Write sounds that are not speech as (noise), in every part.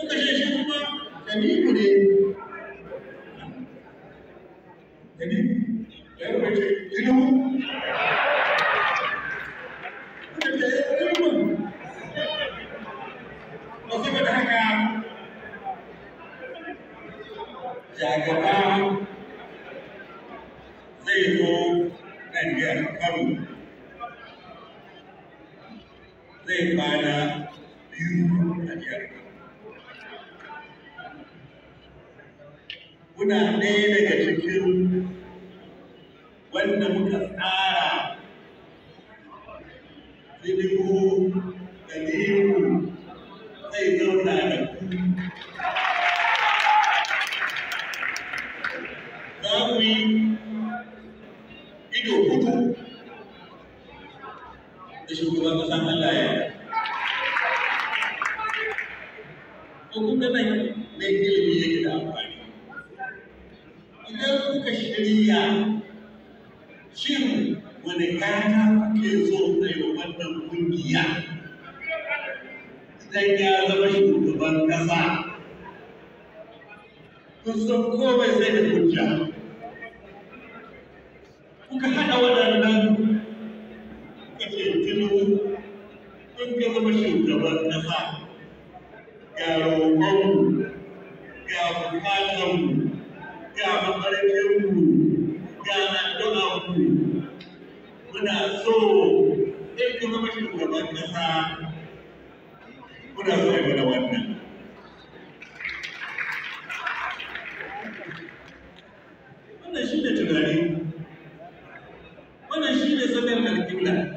suka ce shi kuma tanimu ne tanimu ya yi wace tinubu kuma da ya tinubu ba saboda haka shagaba zai zo nan biyar karo zai kwana muna ɗaya daga cikin wanda muka tsara ilimu da limu zai zauna da ku za ku yi ido hudu da shugaban ƙasar Allah ya yi hukunan mai ilimi yake da amfani idan kuka shirya shin wani kaya kuke so mai wannan kungiya idan ya zama shugaban kasa kun san komai sai da hujja kuka haɗa waɗannan kuke tunu kun ka zama shugaban kasa ga roƙonmu ga bukatanmu ga mafarkinku ga addu'arku muna so muna so mana wannan wannan shi ne tunani wannan shi ne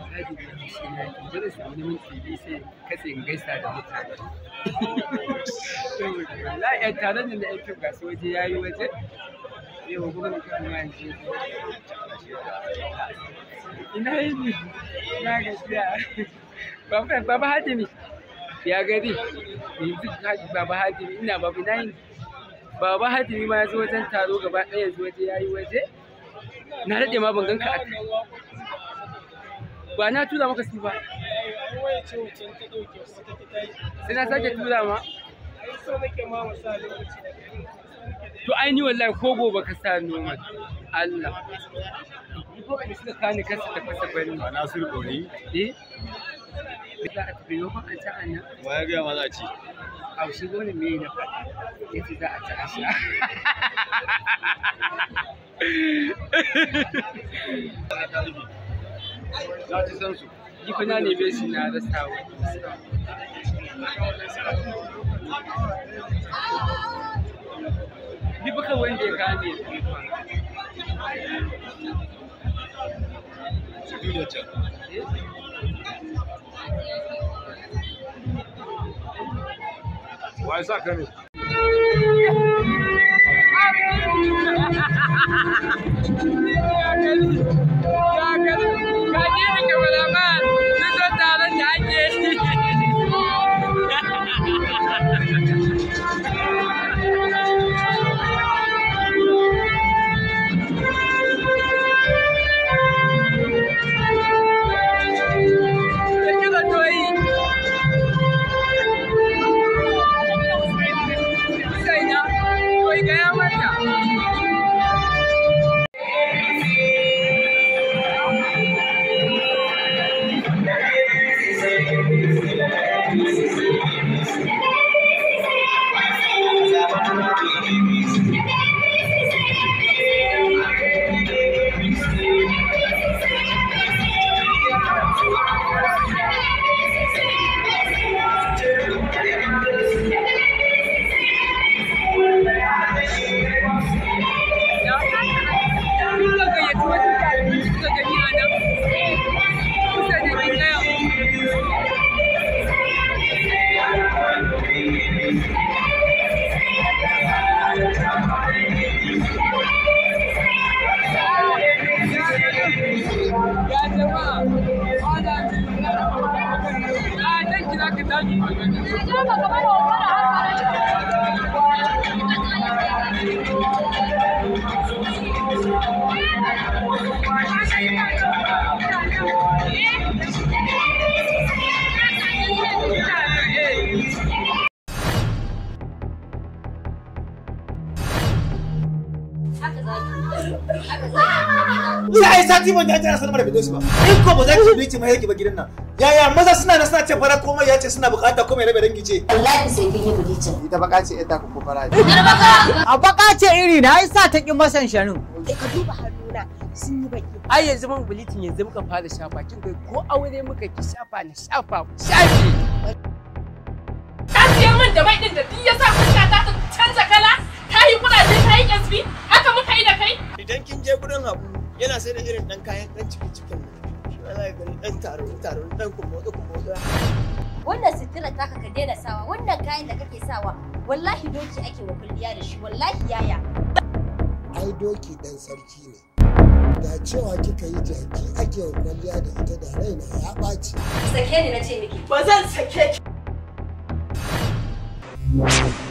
tsari da shi na yake bari su wani minti biyu sai katse in gaisa da mutane la ya tare da na aikin gasa waje ya yi waje yau kuma na kuma yanzu ina yi ne na gaskiya baba baba hadimi ya gari yanzu baba hadimi ina babu na yi baba hadimi ma ya zo wajen taro gaba ɗaya yanzu waje ya yi waje na daɗe ma ban ganka a ba na tura maka su ba sai na sake tura ma to aini wallahi ko gobe ka sa noma Allah ko ba suka kani kasa ta fasa bani ba na sur kori eh za a tafi yau an ta ana wa ya ga ma shi gone me za ta san su fa na bai su na rasa wa ni baka ya (laughs) 你家怎么没有？Ni ai sati ban dace sanar da Fidosi ba. In ko ba za ki bici mai yake ba gidan nan. Yaya maza suna nan suna ce fara komai yace suna bukata komai rabe dangi ce. Wallahi sai kin yi bilicin. Ita baka ce ita ku ko fara. A baka ce iri na ai sa ta ki masan sharin. Eh, ka duba haruna sun yi baki. Ai yanzu mun bilicin yanzu muka fara shafa kin ga ko aure muka ki shafa na shafa shafi. Ka siya min da mai din da duk ya sa fuska ta canza kala ta yi kudaje ta yi kyasbi. idan kin je gurin habu yana sai da irin dan kayan dan cikin cikin shi za ka dan taro taro dan kuma wato kuma wato wannan sitira ta ka daina sawa wannan kayan da kake sawa wallahi doki ake wa kulliya da shi wallahi yaya ai doki dan sarki ne da cewa kika yi jaki ake wa kwalliya da ita da raina ya ɓaci. Sake ni na ce miki. Ba zan sake ki.